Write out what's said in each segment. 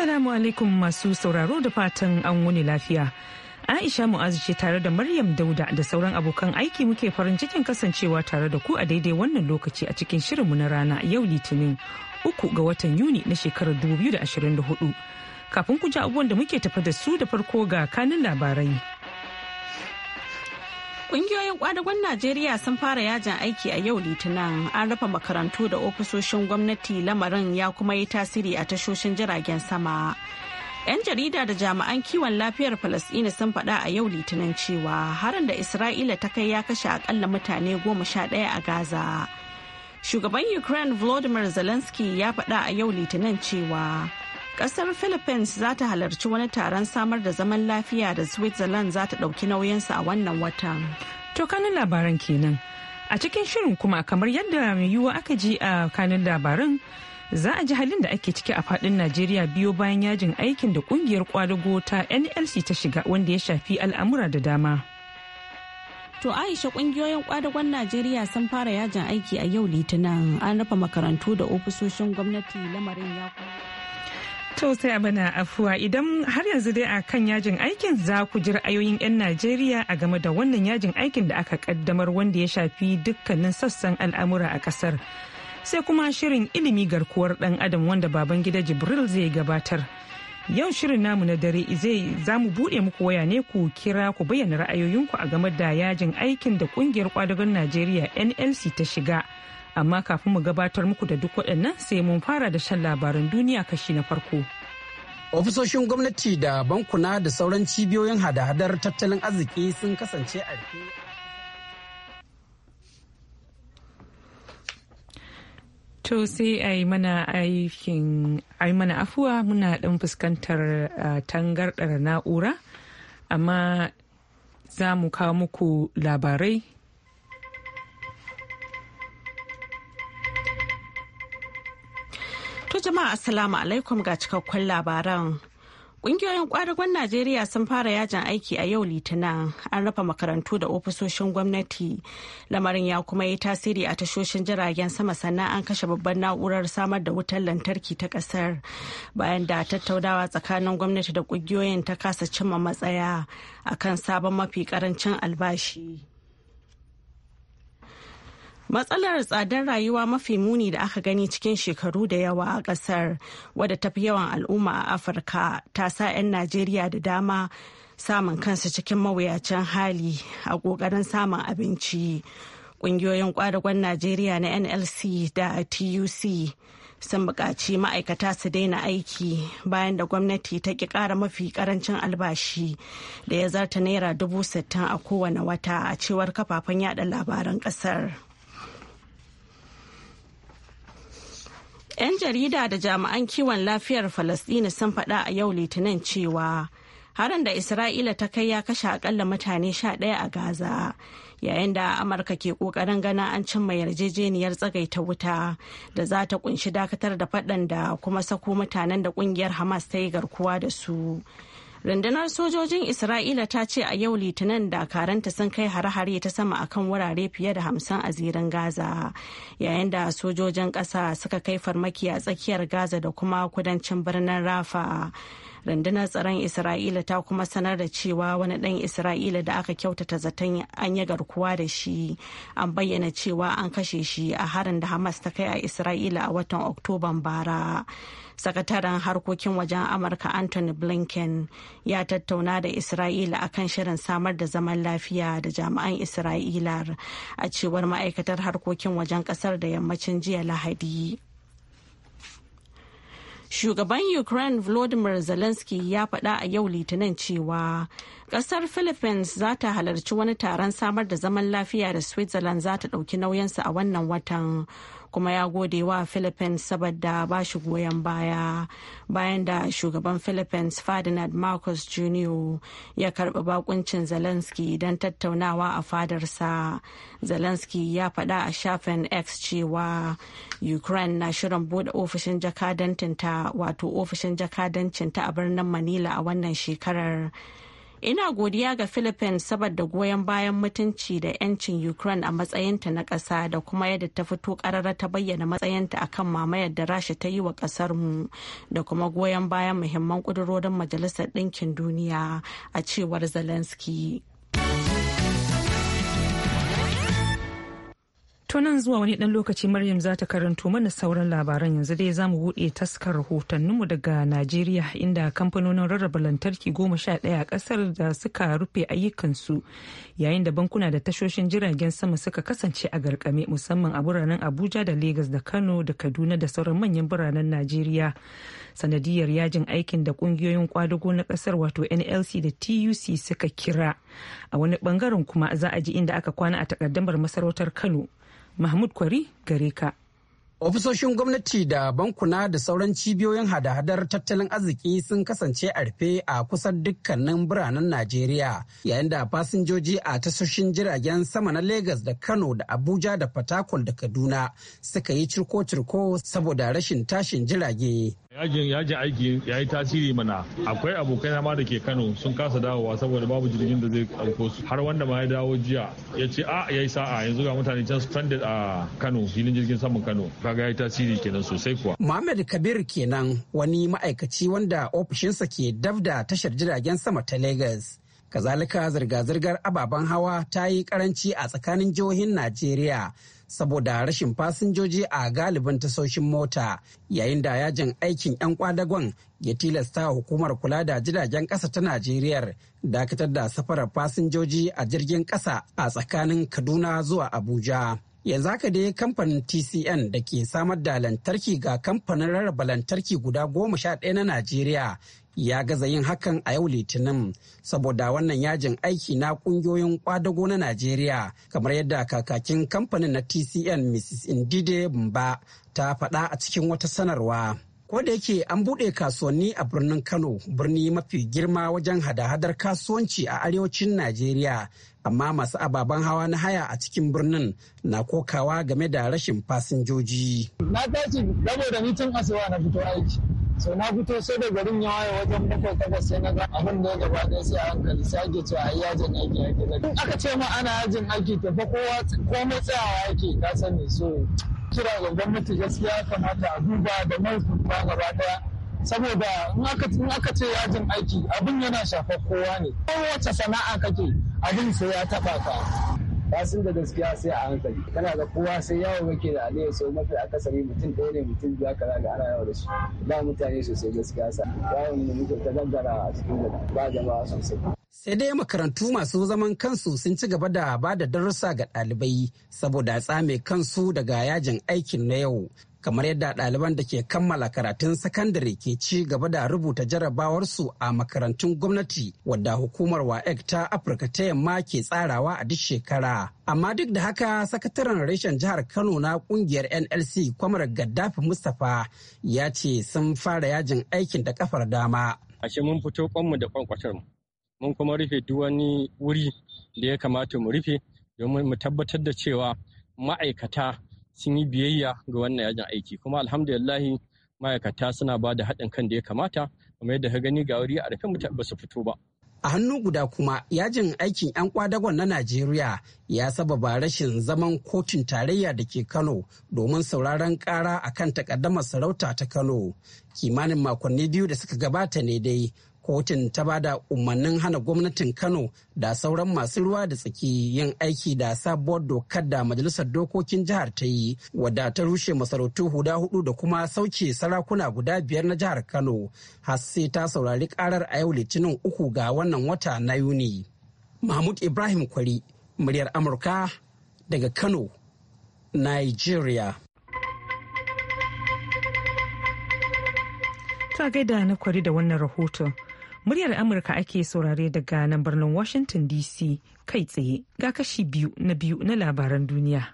Assalamu alaikum masu sauraro da fatan an wuni lafiya. Aisha Mu'azu ce tare da Maryam Dauda da sauran abokan aiki muke farin cikin kasancewa tare da ku a daidai wannan lokaci a cikin shirinmu na rana yau Litinin uku ga watan Yuni na shekarar 2024. Kafin ku ji abubuwan da muke tafa da su da farko ga kanin labarai. Ƙungiyoyin ƙwadagon Najeriya sun fara yajin aiki a yau Litinin an rufe makarantu da ofisoshin gwamnati lamarin ya kuma yi tasiri a tashoshin jiragen sama. 'Yan jarida da jami'an kiwon lafiyar Falasɗina sun faɗa a yau Litinin cewa harin da Isra'ila ta kai ya kashe akalla mutane goma sha ɗaya a Gaza. Shugaban Ukraine Volodymyr Zelensky ya faɗa a yau Litinin cewa Kasar Philippines za ta halarci wani taron samar da zaman lafiya da Switzerland za ta ɗauki nauyinsa a wannan watan. To kanin labaran kenan. A cikin shirin kuma kamar yadda mai yiwuwa aka ji a kanin labaran za a ji halin da ake ciki a fadin Najeriya biyo bayan yajin aikin da kungiyar kwadago ta NLC ta shiga wanda ya shafi al'amura da dama. To Aisha kungiyoyin kwadagon Najeriya sun fara yajin aiki a yau Litinin an rufe makarantu da ofisoshin gwamnati lamarin ya To sai bana afuwa idan har yanzu dai a kan yajin aikin za ku ji ra'ayoyin 'yan Najeriya a game da wannan yajin aikin da aka kaddamar wanda ya shafi dukkanin sassan al'amura a kasar. Sai kuma shirin ilimi garkuwar ɗan adam wanda baban gida Jibril zai gabatar. Yau shirin namu na dare zai za mu buɗe muku waya ne ku kira ku bayyana ra'ayoyinku a game da yajin aikin da kungiyar kwadagon Najeriya NLC ta shiga. amma kafin mu gabatar muku da duk waɗannan sai mun fara da shan labaran duniya kashi na farko. Ofisoshin gwamnati da bankuna da sauran cibiyoyin hada-hadar tattalin arziki sun kasance a To sai a yi mana aikin yi mana afuwa muna ɗan fuskantar tangarɗar na'ura amma za mu kawo muku labarai To jama'a assalamu alaikum ga cikakkun labaran. Ƙungiyoyin ƙwadagon Najeriya sun fara yajin aiki a yau Litinin an rufe makarantu da ofisoshin gwamnati. Lamarin ya kuma yi tasiri a tashoshin jiragen sama sannan an kashe babban na'urar samar da wutar lantarki ta ƙasar bayan da tattaunawa tsakanin gwamnati da ƙungiyoyin ta kasa cimma matsaya akan sabon mafi ƙarancin albashi. Matsalar tsadar rayuwa mafi muni da aka gani cikin shekaru da yawa a ƙasar wadda ta yawan al'umma a Afirka ta sa 'yan Najeriya da dama samun kansu cikin mawuyacin hali a ƙoƙarin samun abinci. Ƙungiyoyin ƙwadagon Najeriya na NLC da TUC sun buƙaci ma'aikata su daina aiki bayan da gwamnati ta ƙi ƙara mafi ƙarancin albashi da ya zarta naira dubu sittin a kowane wata a cewar kafafen yada labaran ƙasar. 'Yan jarida da jami'an kiwon lafiyar Falasɗina sun faɗa a yau Litinin cewa harin da Isra'ila ta kai ya kashe akalla mutane sha ɗaya a Gaza, yayin da Amurka ke ƙoƙarin gana an cimma yarjejeniyar tsagaita wuta da za ta ƙunshi dakatar da faɗan da kuma sako mutanen da ƙungiyar Hamas ta yi garkuwa da su. rundunar sojojin isra'ila ta ce a yau litinin dakaranta sun kai hare-hare ta sama akan wurare fiye da hamsin a zirin gaza yayin da sojojin ƙasa suka kai farmaki a tsakiyar gaza da kuma kudancin birnin rafa rundunar tsaron isra'ila ta kuma sanar da cewa wani ɗan isra'ila da aka kyautata zaton an yi garkuwa da shi an bayyana cewa an kashe shi a harin da hamas ta kai a isra'ila a watan oktoban bara sakataren harkokin wajen amurka anthony blinken ya tattauna da isra'ila akan shirin samar da zaman lafiya da jami'an isra'ilar a cewar ma'aikatar harkokin wajen kasar da yammacin jiya lahadi Shugaban Ukraine Volodymyr Zelensky ya faɗa a yau Litinin cewa ƙasar Philippines za ta halarci wani taron samar da zaman lafiya da Switzerland za ta ɗauki nauyinsa a wannan watan kuma ya gode wa philippines saboda ba shi goyon baya bayan da shugaban philippines ferdinand marcos jr ya karbi bakuncin zelensky don tattaunawa a fadarsa zelensky ya faɗa a shafin x cewa ukraine na shirin bude ofishin jakadancinta ofishin jakadancinta a birnin manila a wannan shekarar Ina godiya ga Philippines saboda goyon bayan mutunci da 'yancin Ukraine a matsayinta na ƙasa da kuma yadda ta fito ƙarara ta bayyana matsayinta a kan mamayar da Rasha ta yi wa mu da kuma goyon bayan muhimman ƙudurorin Majalisar Ɗinkin Duniya a cewar Zelensky. To nan zuwa wani ɗan lokaci Maryam za ta karanto mana sauran labaran yanzu dai za mu buɗe taskar rahotanninmu daga Najeriya inda kamfanonin rarraba lantarki goma sha ɗaya a ƙasar da suka rufe ayyukansu yayin da bankuna da tashoshin jiragen sama suka kasance a garkame musamman a biranen Abuja da Legas da Kano da Kaduna da sauran manyan biranen Najeriya. Sanadiyar yajin aikin da ƙungiyoyin ƙwadago na ƙasar wato NLC da TUC suka kira. A wani ɓangaren kuma za a ji inda aka kwana a takaddamar masarautar Kano Mahmud Kwari gare ka. Ofisoshin gwamnati da bankuna da sauran cibiyoyin hada-hadar tattalin arziki sun kasance a rufe a kusan dukkanin biranen Najeriya yayin da fasinjoji a tasoshin jiragen sama na Legas da Kano da Abuja da Fatakwal da Kaduna suka yi cirko-cirko saboda rashin tashin jirage. Yajin yajin aiki ya yi tasiri mana akwai abokai na ma da ke Kano sun kasa dawowa saboda babu jirgin da zai ɗauko su har wanda ma ya dawo jiya ya ce a ah, ya yi sa'a yanzu ga mutane can stranded a Kano filin jirgin saman Kano kaga ya yi tasiri kenan sosai kuwa. Muhammad Kabir kenan wani ma'aikaci wanda ofishinsa ke dab da tashar jiragen sama ta Lagos. Kazalika zirga-zirgar ababen hawa ta yi karanci a tsakanin jihohin Najeriya saboda rashin fasinjoji a galibin tasoshin mota yayin da yajin aikin 'yan kwadagon ya tilasta hukumar kula da jiragen ƙasa ta Najeriya dakatar da safarar fasinjoji a jirgin ƙasa a tsakanin Kaduna zuwa Abuja. yanzu haka dai kamfanin tcn da ke samar da lantarki ga kamfanin rarraba lantarki guda goma sha ɗaya na najeriya ya gaza yin hakan a yau litinin saboda wannan yajin aiki na kungiyoyin kwadago na najeriya kamar yadda kakakin kamfanin na tcn mrs indide mba ta faɗa a cikin wata sanarwa da yake an buɗe kasuwanni a birnin kano birni mafi girma wajen hada-hadar kasuwanci a arewacin najeriya amma masu ababen hawa na haya a cikin birnin na kokawa game da rashin fasinjoji na tashi saboda mutum asuwa na fito aiki sau na fito sai da garin ya waye wajen bakwai takwas sai na ga abin da ya gaba ɗaya sai a hankali sai ake cewa ai yajin aiki ake da in aka ce ma ana yajin aiki tafi kowa komai tsayawa ke, ka sani so kira ga gwamnati gaskiya kamata a duba da mai kuma gaba ɗaya saboda in aka ce yajin aiki abin yana shafar kowa ne kowace sana'a kake abin sai ya taɓa ka kasin da gaskiya sai a hankali kana ga kowa sai yawo yake da aliyu so mafi akasari mutum ɗaya ne mutum biyu aka zaga ana yawo da su ba mutane sosai gaskiya sa yawon da muke ta gaggara a cikin ba jama'a sosai sai dai makarantu masu zaman kansu sun ci gaba da ba da darussa ga ɗalibai saboda tsame kansu daga yajin aikin na yau kamar yadda ɗaliban da ke kammala karatun sakandare ke ci gaba da rubuta jarabawarsu a makarantun gwamnati wadda hukumar waec ta afirka ta yamma ke tsarawa a duk shekara amma duk da haka sakataren reshen jihar kano na kungiyar nlc kwamar gaddafi mustapha ya ce sun fara yajin aikin da kafar dama ashe mun fito kwanmu da kwankwatar mu mun kuma rufe duk wani wuri da ya kamata mu rufe domin mu tabbatar da cewa ma'aikata sun yi biyayya ga wannan yajin aiki kuma alhamdulillah ma'aikata suna ba da haɗin kan da ya kamata kuma yadda ka gani ga wuri a rufe mu ba su fito ba a hannu guda kuma yajin aikin 'yan kwadagon na najeriya ya sababa rashin zaman kotun tarayya da ke kano domin sauraron kara akan takaddamar sarauta ta kano kimanin makonni biyu da suka gabata ne dai kotun ta ba da umarnin hana gwamnatin kano da sauran masu ruwa da tsaki yin aiki da sabuwar dokar da majalisar dokokin jihar ta yi wadda ta rushe masarautu huda hudu da kuma sauke sarakuna guda biyar na jihar kano har sai ta saurari karar a yau litinin uku ga wannan wata na yuni mahmud ibrahim kwari muryar amurka daga kano nigeria ta gaida na kwari da wannan rahoton Muryar Amurka ake saurare daga nan birnin Washington DC kai tsaye ga kashi biyu na biyu na labaran duniya.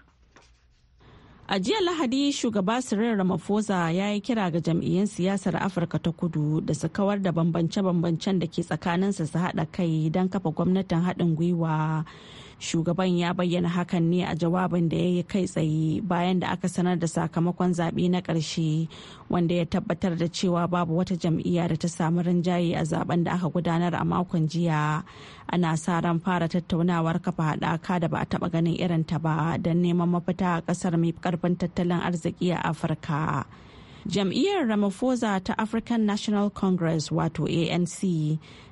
A jiya Lahadi shugaba Cyril Ramaphosa ya yi kira ga jam'iyyun siyasar Afirka ta kudu da su kawar da bambance-bambancen da ke tsakaninsa su haɗa kai don kafa gwamnatin haɗin gwiwa. shugaban ya bayyana hakan ne a jawabin da ya yi kai tsaye bayan da aka sanar da sakamakon zaɓe na ƙarshe wanda ya tabbatar da cewa babu wata jam'iyya da ta samu rinjaye a zaben da aka gudanar a makon jiya ana sa ran fara tattaunawar kafa haɗaka da ba a taɓa ganin irin ta ba don neman mafita a ƙasar mai ƙarfin tattalin arziki a afirka jam'iyyar ramaphosa ta african national congress wato anc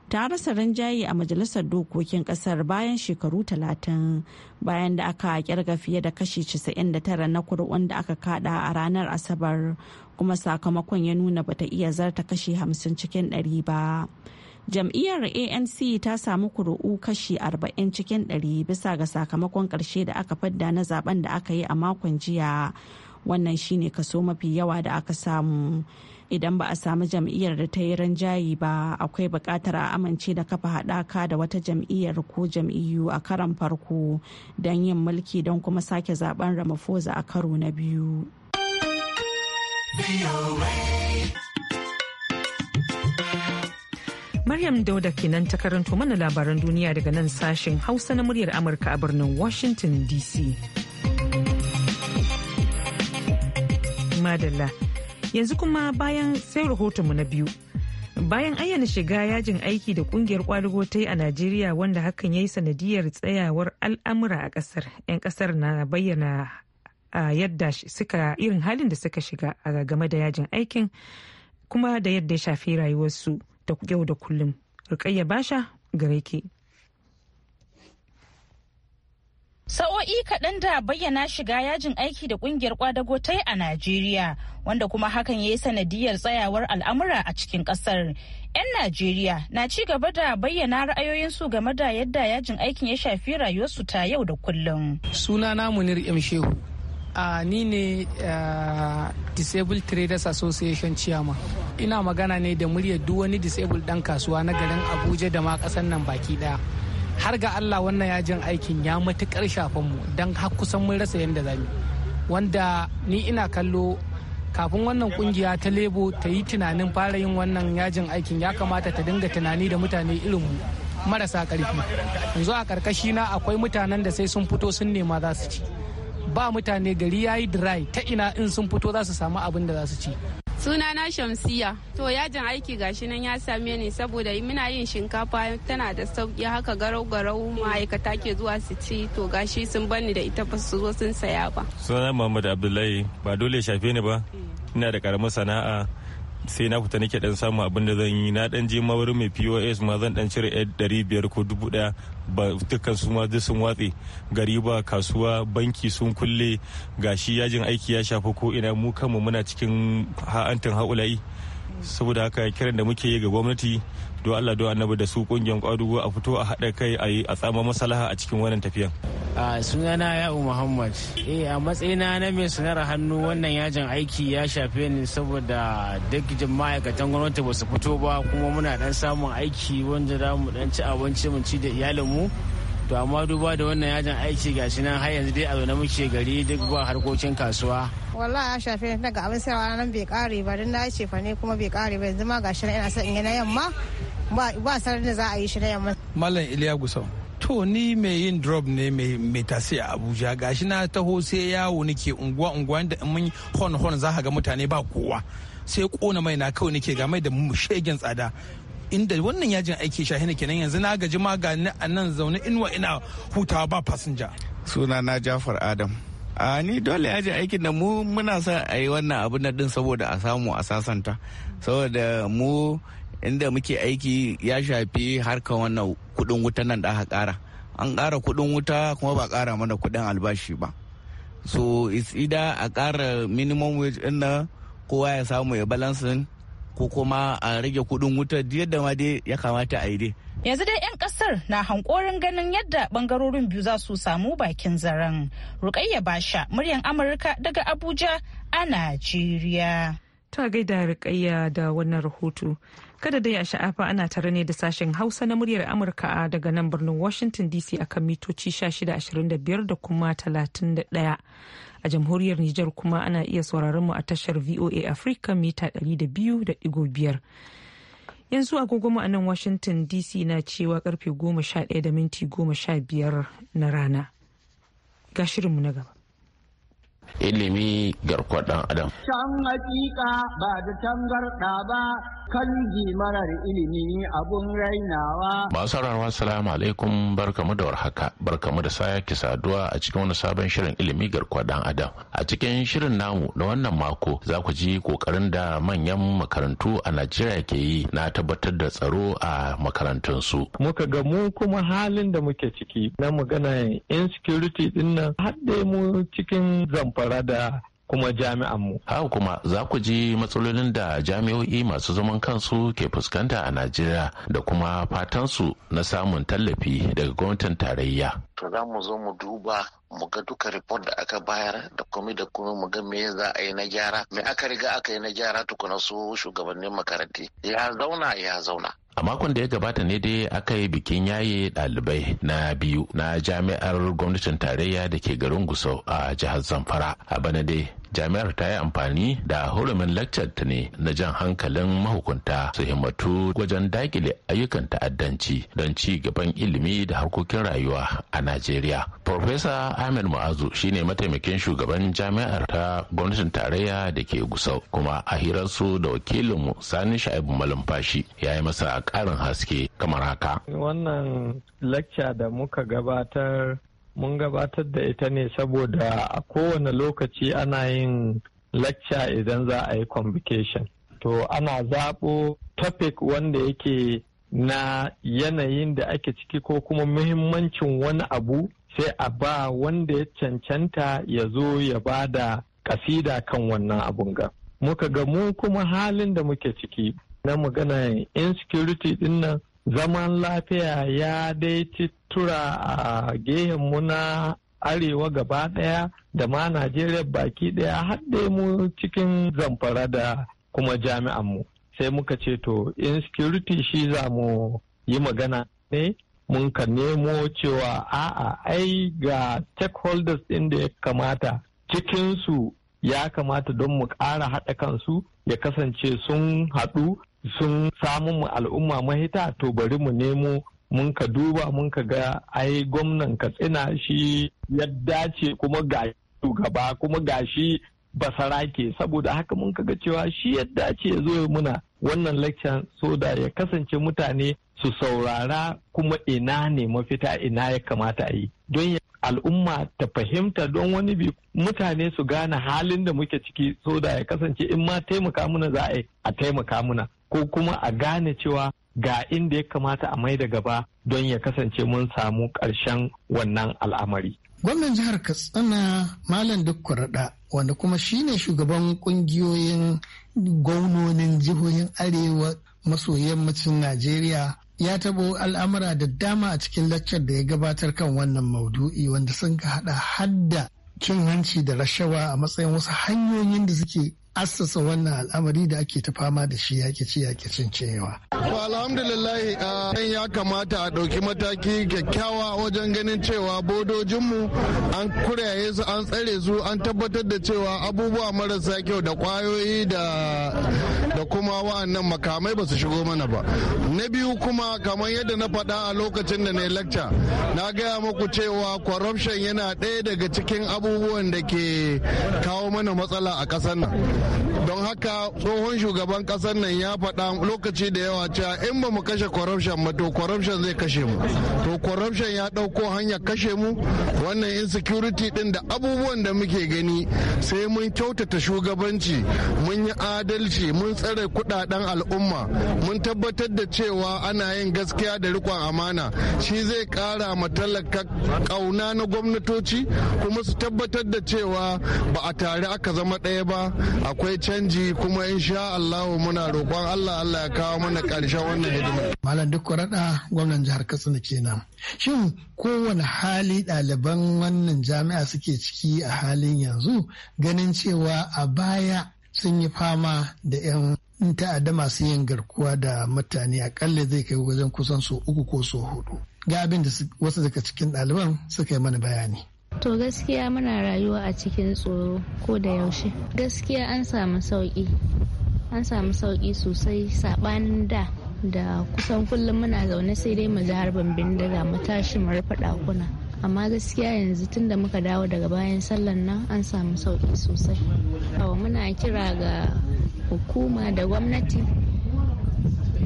ta rasa rinjaye a majalisar dokokin kasar bayan shekaru talatin bayan da aka kirga fiye da kashi 99 na kuri'un da aka kada a ranar asabar kuma sakamakon ya nuna bata iya zarta kashi 50 cikin 100 ba jam'iyyar anc ta samu kuri'u kashi 40 cikin 100 bisa ga sakamakon karshe da aka fadda na zaben da aka yi a makon jiya wannan shine kaso mafi yawa da aka samu idan ba a samu jam'iyyar da ta yi ranjayi ba akwai bukatar a amince da kafa haɗaka da wata jam'iyyar ko jam'iyyu a karan farko don yin mulki don kuma sake zaben ramaphosa a karo na biyu. Maryam Dauda kenan ta karanto mana labaran duniya daga nan sashen Hausa na muryar Amurka a birnin Washington DC. Madalla. yanzu kuma bayan sai rahotonmu na biyu bayan ayyana shiga yajin aiki da kungiyar kwadugo ta yi a najeriya wanda hakan ya yi sanadiyar tsayawar al'amura a kasar 'yan kasar na bayyana yadda suka irin halin da suka shiga a game da yajin aikin kuma da yadda ya shafi rayuwarsu da yau da kullum rukayya basha gare ke. Sa'o'i kaɗan da bayyana shiga yajin aiki da ƙungiyar kwadago ta a Najeriya, wanda kuma hakan ya yi sanadiyar tsayawar al'amura a cikin ƙasar. 'Yan Najeriya na ci gaba da bayyana ra'ayoyinsu game da yadda yajin aikin ya shafi rayuwarsu ta yau da kullum. Suna na Munir M. Shehu, ni ne Disabled Traders Association Chairman. Ina magana ne da muryar duk wani disabled ɗan kasuwa na garin Abuja da ma ƙasar nan baki ɗaya. har ga allah wannan yajin aikin ya matuƙar shafan mu don har kusan mun rasa yadda za mu wanda ni ina kallo kafin wannan kungiya ta lebo ta yi tunanin fara yin wannan yajin aikin ya kamata ta dinga tunani da mutane irin mu marasa ƙarfi yanzu a karkashi na akwai mutanen da sai sun fito sun nema za su ci ba mutane gari ya yi dry ta ina in sun fito za su samu abin da za su ci Suna na Shamsiya. To yajin aiki gashi nan ya same ni saboda muna yin shinkafa tana da sauki haka garau-garau ma'aikata ke zuwa su ci to gashi sun bani da ita ba su zo sun saya ba. Suna Muhammad Abdullahi ba dole shafe ni ba. Mm. Ina da karamin sana'a sai na fita nake dan samu abin da zan yi na dan je ma mai pos ma zan dan cire ɗari biyar ko dubu ba dukkan su ma duk sun watse gari ba kasuwa banki sun kulle gashi yajin aiki ya shafi ko ina mu kanmu muna cikin ha'antin ha'ula'i saboda haka kiran da muke yi ga gwamnati do Allah do annabi da su kungiyar kwadugo a fito a haɗa kai a yi a tsama masalaha a cikin wannan tafiyan. a sunana ya'u muhammad eh a matsayina na mai sanar hannu wannan yajin aiki ya shafe ni saboda duk ma'aikatan gwamnati ba su fito ba kuma muna dan samun aiki wanda za mu dan ci abinci mu ci da iyalin mu to amma duba da wannan yajin aiki ga shi nan har yanzu dai a zaune muke gari duk ba harkokin kasuwa wallahi ya shafe ni daga abin sayarwa nan bai kare ba dan na ce fa ne kuma bai kare ba yanzu ma ga nan ina son in yi na yamma ba ba sanar da za a yi shi na yamma mallam Iliya Gusau to ni mai yin drop ne mai tasi a Abuja gashi na taho sai yawo nake unguwa unguwa da mun hon hon za ga mutane ba kowa sai kona mai na kawai nake ga mai da shegen tsada inda wannan yajin aiki shahina kenan yanzu na gaji maganin ga a nan zaune inuwa ina hutawa ba fasinja suna na jafar adam a ni dole yajin aikin da mu muna sa a yi wannan abin na din saboda a samu a sasanta saboda mu inda muke aiki ya shafi harka wannan kudin wuta nan da aka kara an kara kudin wuta kuma ba kara mana kudin albashi ba so it's either a kara minimum wage ina kowa ya samu ya balansin ko kuma a rage kudin wuta yadda ma dai ya kamata a yi dai. Yanzu dai 'yan kasar na hankorin ganin yadda bangarorin biyu za su samu bakin zaren. Rukayya Basha, muryan Amurka daga Abuja a Najeriya. Ta gaida Rukayya da wannan rahoto. Kada dai a sha'afa ana tare ne da sashen Hausa na muryar Amurka daga nan birnin Washington DC akan mitoci 1625 da kuma 31. a jamhuriyar Nijar kuma ana iya sauraron mu a tashar VOA Africa mita 200.5 yanzu agogonmu a nan Washington DC na cewa karfe 11 da minti 15 na rana ga shirinmu na gaba ilimi garkuwar adam can hakika ba da tangarda ba kanji marar ilimi abun rainawa. Masu sauraro salamu alaikum barkamu da warhaka barkamu da sake saduwa a cikin wani sabon shirin ilimi garkuwa dan adam. A cikin shirin namu na wannan mako za ku ji kokarin da manyan makarantu a Najeriya ke yi na tabbatar da tsaro a makarantunsu. Muka ga mu kuma halin da muke ciki na magana insecurity din nan har mu cikin zamfara da kuma jami'anmu. Haka kuma za ku ji matsalolin da jami'o'i masu zaman kansu ke fuskanta a Najeriya da kuma fatan su na samun tallafi daga gwamnatin tarayya. To za mu zo mu duba mu ga duka report da aka bayar da kuma da kuma mu ga me za a yi na gyara me aka riga aka yi na gyara tukuna su shugabannin makaranti ya zauna ya zauna a makon da ya gabata ne dai aka yi bikin yaye dalibai na biyu na jami'ar gwamnatin tarayya da ke garin gusau a jihar zamfara a bana dai jami'ar ta yi amfani da hurumin lakcar ta ne na jan hankalin mahukunta su himmatu wajen dakile ayyukan ta'addanci don ci gaban ilimi da harkokin rayuwa a najeriya Profesa Ahmed Mu'azu shine mataimakin shugaban jami'ar ta gwamnatin tarayya da ke Gusau kuma a hirarsu da wakilinmu Sani Sha'ibu Malumfashi ya yi masa ƙarin haske kamar haka. Wannan lacca da muka gabatar mun gabatar da ita ne saboda a kowane lokaci ana yin lacca idan za a yi convocation to ana zaɓo topic wanda yake na yanayin da ake ciki ko kuma muhimmancin wani abu sai a ba wanda ya cancanta ya zo ya ba da kasida kan wannan abun ga muka ga mu kuma halin da muke ciki na magana insecurity dinnan zaman lafiya ya dai tura a gehen mu na arewa gaba daya da ma najeriya baki daya har mu cikin zamfara da kuma jami'an mu sai muka ce to in insecurity shi za mu yi magana ne mun ka nemo cewa a'a ai ga stakeholders ɗin da ya kamata cikinsu ya kamata don mu ƙara haɗa kansu ya kasance sun haɗu sun samu mu al'umma mahita to bari mu nemo mun ka duba mun ka ga ai gwamnan katsina shi ya dace kuma ga shugaba kuma ga shi basarake saboda haka mun ga cewa shi ya dace ya zo muna wannan lakcan so da ya kasance mutane su saurara kuma ina ne mafita ina ya kamata a yi don al'umma ta fahimta don wani bi mutane su gane halin da muke ciki so da ya kasance in ma taimaka muna za a a taimaka muna ko kuma a gane cewa ga inda ya kamata a mai da gaba don ya kasance mun samu ƙarshen wannan al'amari. Gwamnan jihar Katsina Malam Dukkuraɗa wanda kuma shine shugaban kungiyoyin gwamnonin jihohin Arewa maso yammacin Najeriya ya tabo al'amura da dama a cikin laccar da ya gabatar kan wannan maudu'i wanda sun ka hada hadda cin hanci da rashawa a matsayin wasu hanyoyin da suke assasa wannan al'amari da ake ta fama da shi yake ci yake cin cewa. To alhamdulillah uh, ya kamata a ɗauki mataki kyakkyawa wajen ganin cewa bodojinmu an kuryaye su an tsare su an tabbatar da cewa abubuwa marasa kyau da kwayoyi da kuma wa'annan makamai ba su shigo mana ba. Na biyu kuma kamar yadda na faɗa a lokacin da na yi lacca na gaya muku cewa corruption yana ɗaya daga cikin abubuwan da ke kawo mana matsala a ƙasar nan. don haka tsohon shugaban kasar nan ya faɗa lokaci da yawa cewa in ba mu kashe corruption ba to corruption zai kashe mu to corruption ya ɗauko hanyar kashe mu wannan insecurity din da abubuwan da muke gani sai mun kyautata shugabanci mun yi adalci mun tsare kudaden al'umma mun tabbatar da cewa ana yin gaskiya da rikon amana shi zai ƙara ma talaka kauna na gwamnatoci kuma su tabbatar da cewa ba a tare aka zama ɗaya ba a akwai canji kuma insha Allah muna roƙon Allah Allah ya kawo mana ƙarshen wannan hidima. Malam duk raɗa gwamnan jihar Katsina kenan. Shin kowane hali ɗaliban wannan jami'a suke ciki a halin yanzu ganin cewa a baya sun yi fama da 'yan ta'adda masu yin garkuwa da mutane akalla zai kai wajen kusan so uku ko so hudu. Ga abin da wasu daga cikin ɗaliban suka yi mana bayani. To gaskiya muna rayuwa a cikin tsoro ko da yaushe. Gaskiya an samu sauƙi. An samu sauƙi sosai saɓanin da da kusan kullum muna zaune sai dai mu ji harbin bindiga mu tashi mu rufe ɗakuna. Amma gaskiya yanzu tun da muka dawo daga bayan sallan nan an samu sauƙi sosai. muna kira ga hukuma da gwamnati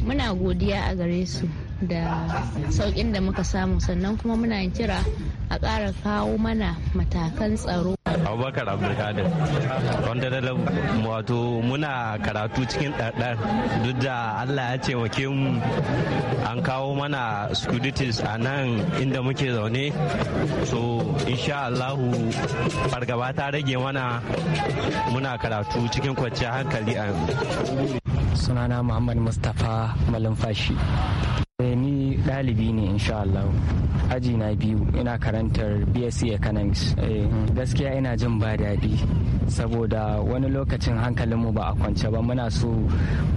muna godiya a gare su da saukin da muka samu sannan kuma muna kira a ƙara kawo mana matakan tsaro. abubakar abdulkadir wanda da wato muna karatu cikin ɗarɗar duk da allah ya ce mu an kawo mana securities a nan inda muke zaune so insha allahu fargaba ta rage mana muna karatu cikin kwanciyar hankali a yanzu sunana muhammad mustapha malumfashi ɗalibi ne insha Allah aji na biyu ina karantar BSc Economics eh, gaskiya ina jin ba daɗi saboda wani lokacin hankalinmu ba a kwance ba muna so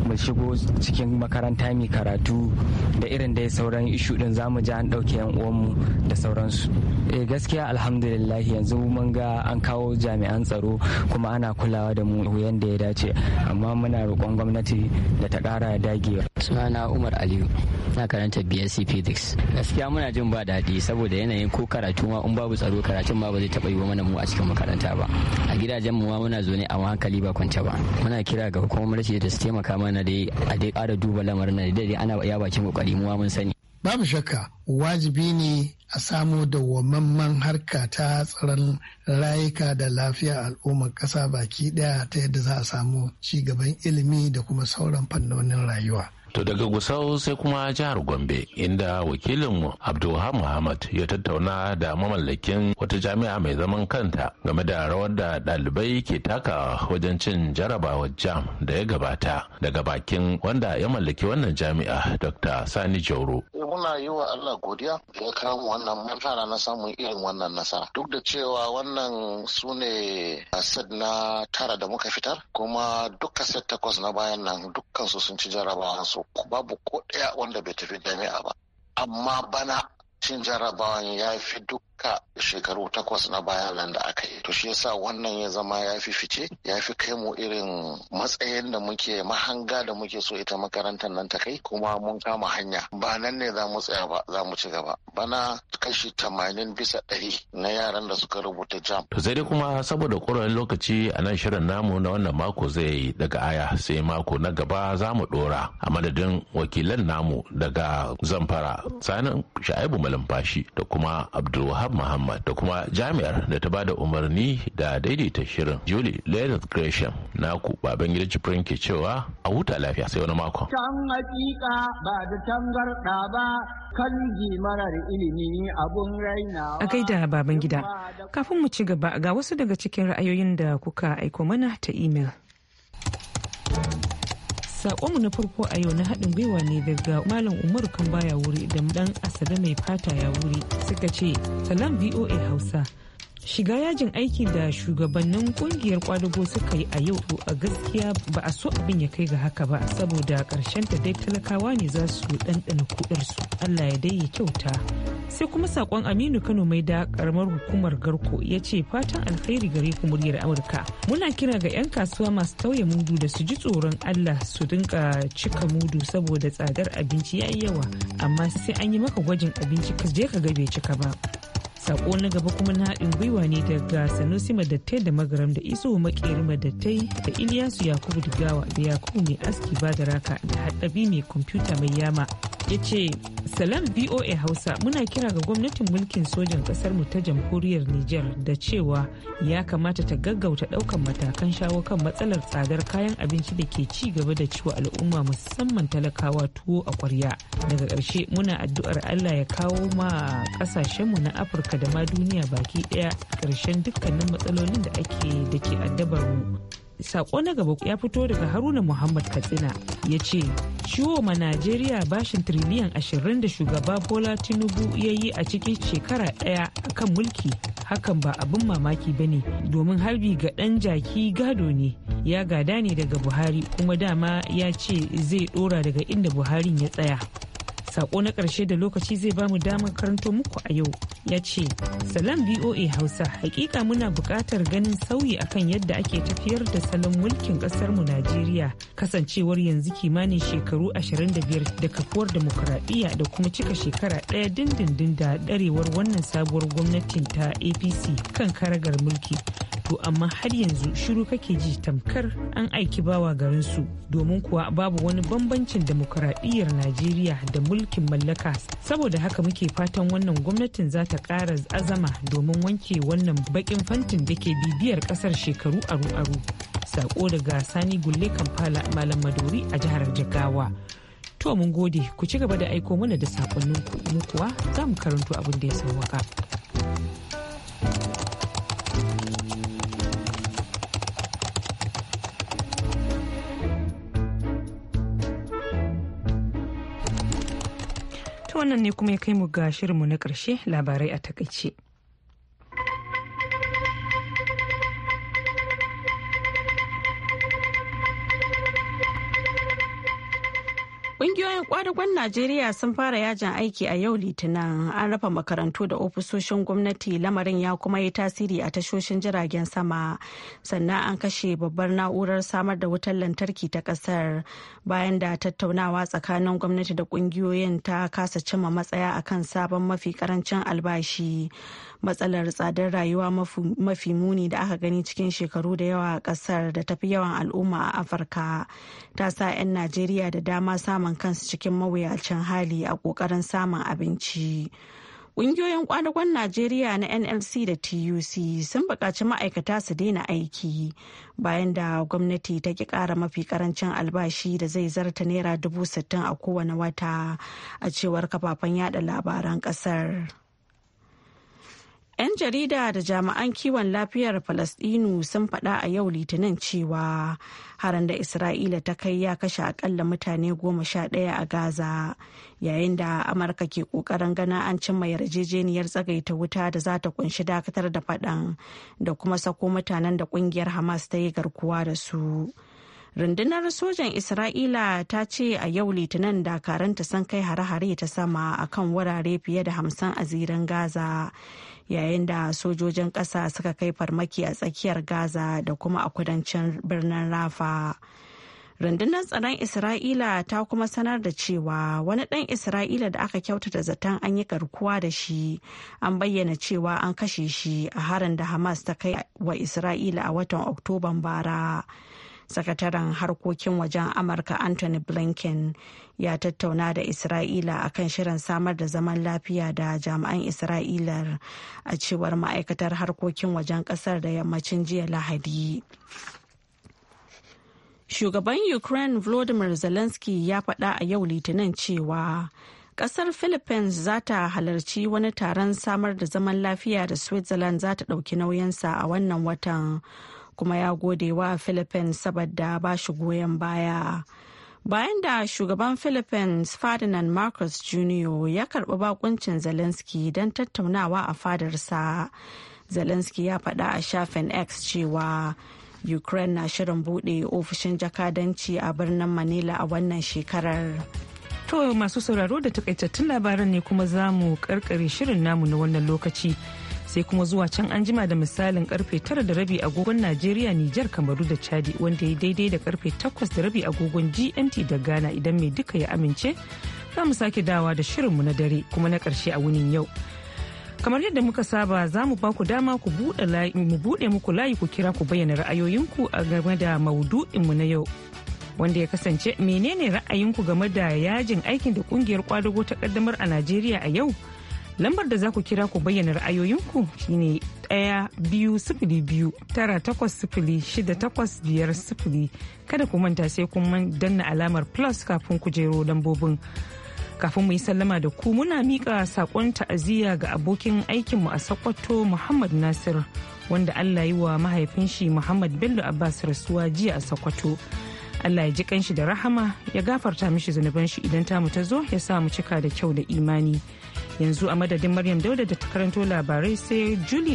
mu shigo cikin makaranta mai karatu da irin dai sauran ishu din zamu ji an ɗauke yan uwanmu da sauransu eh gaskiya alhamdulillah yanzu mun ga an kawo jami'an tsaro kuma ana kulawa da mu yanda ya dace amma muna roƙon gwamnati da ta ƙara dagewa sunana umar aliyu na karanta bsc physics gaskiya muna jin ba daɗi saboda yanayin ko karatu ma in babu tsaro karatun ma ba zai taɓa yi wa mana mu a cikin makaranta ba a gidajen mu ma muna zaune a hankali ba kwance ba muna kira ga hukumar ce da su taimaka mana dai a dai ƙara duba lamarin na dai ana ya bakin kokari mu mun sani babu shakka wajibi ne a samo dawwamamman harka ta tsaron rayuka da lafiya al'ummar kasa baki ɗaya ta yadda za a samu ci gaban ilimi da kuma sauran fannonin rayuwa. To daga Gusau sai kuma jihar Gombe inda wakilinmu Abdulha Muhammad ya tattauna da mamallakin wata jami'a mai zaman kanta game da rawar da ɗalibai ke taka wajen cin jarabawar jam da ya gabata daga bakin wanda ya mallaki wannan jami'a Dr. Sani Jauro. Muna yi wa Allah godiya ya kawo wannan nasara na samun irin wannan nasara. Duk da cewa wannan su ne set na tara da muka fitar kuma duka set takwas na bayan nan dukkan sun ci jarabawa su babu ko ɗaya wanda bai tafi jami'a ba amma bana cin jarabawan ya fi duka shekaru takwas na baya nan da aka yi to shi yasa wannan ya zama ya fi fice ya fi kai mu irin matsayin da muke mahanga da muke so ita makarantar nan ta kai kuma mun kama hanya ba nan ne za mu tsaya ba za mu ci gaba bana kashi tamanin bisa ɗari na yaran da suka rubuta jam. To sai dai kuma saboda ƙorayen lokaci a nan shirin namu na wannan mako zai yi daga aya sai mako na gaba za mu ɗora a madadin wakilan namu daga zamfara sanin sha'ibu malumfashi da kuma abdulwahab muhammad da kuma jami'ar da ta bada umarni da daidaita shirin juli leonard gresham naku baban gida jibrin ke cewa a huta lafiya sai wani makon. can hakika ba da tangarɗa ba kan marar ilimi A gaida baban gida, kafin mu ci gaba ga wasu daga cikin ra'ayoyin da kuka aiko mana ta imel. saƙonmu na farko a yau na haɗin gwiwa ne daga Malam Umaru Kambaya wuri da ɗan Asabe mai fata ya wuri suka ce, Salam voa Hausa. shiga yajin aiki da shugabannin kungiyar kwadago suka yi a yau a gaskiya ba a so abin ya kai ga haka ba saboda karshen ta dai talakawa ne za su ɗanɗana kudarsu allah ya dai ya kyauta sai kuma sakon aminu kano mai da karamar hukumar garko ya ce fatan alkhairi gare ku muryar amurka muna kira ga 'yan kasuwa masu tauye mudu da su ji tsoron allah su dinka cika mudu saboda tsadar abinci ya yi yawa amma sai an yi maka gwajin abinci ka je ka ga bai cika ba sako na gaba kuma na haɗin gwiwa ne daga sanusi madattai da magaram da iso makeri madattai da iliyasu yakubu digawa da yakubu mai aski ba da raka da haɗabi mai kwamfuta mai yama ya ce salam voa hausa muna kira ga gwamnatin mulkin sojan kasar mu ta jamhuriyar niger da cewa ya kamata ta gaggauta daukan matakan shawo kan matsalar tsadar kayan abinci da ke ci gaba da ciwo al'umma musamman talakawa tuwo a kwarya daga ƙarshe muna addu'ar allah ya kawo ma mu na afirka da ma duniya baki ɗaya ƙarshen dukkanin matsalolin da ake da ke addabar mu sako na gaba ya fito daga haruna muhammad katsina ya ce ciwo ma najeriya bashin tiriliyan ashirin da shugaba bola tinubu ya yi a cikin shekara daya akan mulki hakan ba abin mamaki ba ne domin harbi ga ɗan jaki gado ne ya gada ne daga buhari kuma dama ya ce zai ɗora daga inda buharin ya tsaya Sako na ƙarshe da lokaci zai ba mu damar karanto muku a yau ya ce, Salam VOA Hausa, hakika muna buƙatar ganin sauyi akan yadda ake tafiyar da salon mulkin ƙasarmu Najeriya, kasancewar yanzu kimanin shekaru 25 da kafuwar demokuraɗiyya da kuma cika shekara ɗaya dindindin da ɗarewar wannan sabuwar gwamnatin ta APC kan karagar mulki. To amma har yanzu shiru kake ji tamkar an aiki bawa garinsu domin kuwa babu wani bambancin demokuraɗiyyar Najeriya da mulki mulkin mallaka saboda haka muke fatan wannan gwamnatin za ta kara azama domin wanke wannan bakin fantin da ke bibiyar kasar shekaru aru-aru sako daga sani gulle kamfala malam madori a jihar jigawa to mun gode ku ci gaba da aiko mana da sakonninku mu kuwa za mu karanto abin da ya sauwaka. wannan ne kuma ya kai mu ga shirinmu na ƙarshe labarai a takaice. Ƙungiyoyin ƙwadagon Najeriya sun fara yajin aiki a yau Litinin an rafa makarantu da ofisoshin gwamnati lamarin ya kuma yi tasiri a tashoshin jiragen sama sannan an kashe babbar na'urar samar da wutar lantarki ta ƙasar bayan da tattaunawa tsakanin gwamnati da ƙungiyoyin ta kasa cimma matsaya a kan sabon mafi karancin albashi matsalar tsadar rayuwa mafi muni da aka gani cikin shekaru da yawa a ƙasar da tafi yawan al'umma a Afirka ta sa 'yan Najeriya da dama samun zaman kansu cikin mawuyacin hali a ƙoƙarin samun abinci. Ƙungiyoyin ƙwadagon Najeriya na NLC da TUC sun buƙaci ma'aikata su daina aiki bayan da gwamnati ta ƙi ƙara mafi ƙarancin albashi da zai zarta naira dubu sittin a kowane wata a cewar kafafen yada labaran ƙasar. 'Yan jarida da jami'an kiwon lafiyar Falasɗinu sun faɗa a yau Litinin cewa harin da Isra'ila ta kai ya kashe akalla mutane goma sha ɗaya a Gaza, yayin da Amurka ke ƙoƙarin ganin an cimma yarjejeniyar tsagaita wuta da za ta kunshi dakatar da faɗan da kuma sako mutanen da ƙungiyar Hamas ta yi garkuwa da su. rundunar sojan isra'ila ta ce a yau litinin dakaranta sun kai hare-hare ta sama akan wurare fiye da hamsin a zirin gaza yayin da sojojin ƙasa suka kai farmaki a tsakiyar gaza da kuma a kudancin birnin rafa rundunar tsaron isra'ila ta kuma sanar da cewa wani ɗan isra'ila da aka kyautata zaton an yi garkuwa da shi an bayyana cewa an kashe shi a harin da hamas ta kai wa isra'ila a watan oktoban bara sakataren harkokin wajen amurka anthony blinken ya tattauna da isra'ila a kan shirin samar da zaman lafiya da jami'an isra'ila a cewar ma'aikatar harkokin wajen kasar da yammacin jiya lahadi shugaban ukraine volodymyr zelensky ya faɗa a yau litinin cewa kasar philippines za ta halarci wani taron samar da zaman lafiya da switzerland za ta ɗauki nauyinsa a wannan watan kuma ya gode wa philippines saboda ba shi goyon baya bayan da shugaban philippines ferdinand marcus jr ya karbi bakuncin zelensky don tattaunawa a fadarsa zelensky ya faɗa a shafin x cewa ukraine na shirin buɗe ofishin jakadanci a birnin manila a wannan shekarar to masu sauraro da takaitattun labaran ne kuma za mu karkare shirin namu na wannan lokaci sai kuma zuwa can an jima da misalin karfe tara da rabi agogon najeriya nijar kamaru da chadi wanda ya daidai da karfe takwas da rabi agogon gmt da ghana idan mai duka ya amince za mu sake dawa da shirin mu na dare kuma na karshe a wunin yau kamar yadda muka saba za mu ba ku dama ku buɗe muku layi ku kira ku bayyana ra'ayoyinku a game da mu na yau wanda ya kasance menene ra'ayinku game da yajin aikin da kungiyar kwadago ta kaddamar a najeriya a yau lambar da za ku kira ku bayyana ra'ayoyinku shine ɗaya biyu sifili biyu tara takwas sifili shida takwas biyar sifili kada ku manta sai kun danna alamar plus kafin ku jero lambobin kafin mu yi sallama da ku muna miƙa saƙon ta'aziyya ga abokin aikinmu a sakwato muhammad nasir wanda allah yi wa mahaifin shi muhammad bello abbas rasuwa jiya a sakwato Allah ya ji kanshi da rahama ya gafarta mishi zunuban shi idan tamu ta zo ya sa mu cika da kyau da imani. Yanzu a madadin Maryam Dauda da ta karanto labarai sai Julie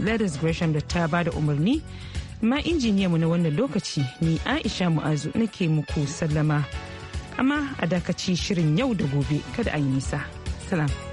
Ladis Gresham da ta bada umarni. Ma injiniyanmu na wannan lokaci ni Aisha Mu'azu nake muku sallama. Amma a dakaci shirin yau da gobe kada a yi nisa. Salam.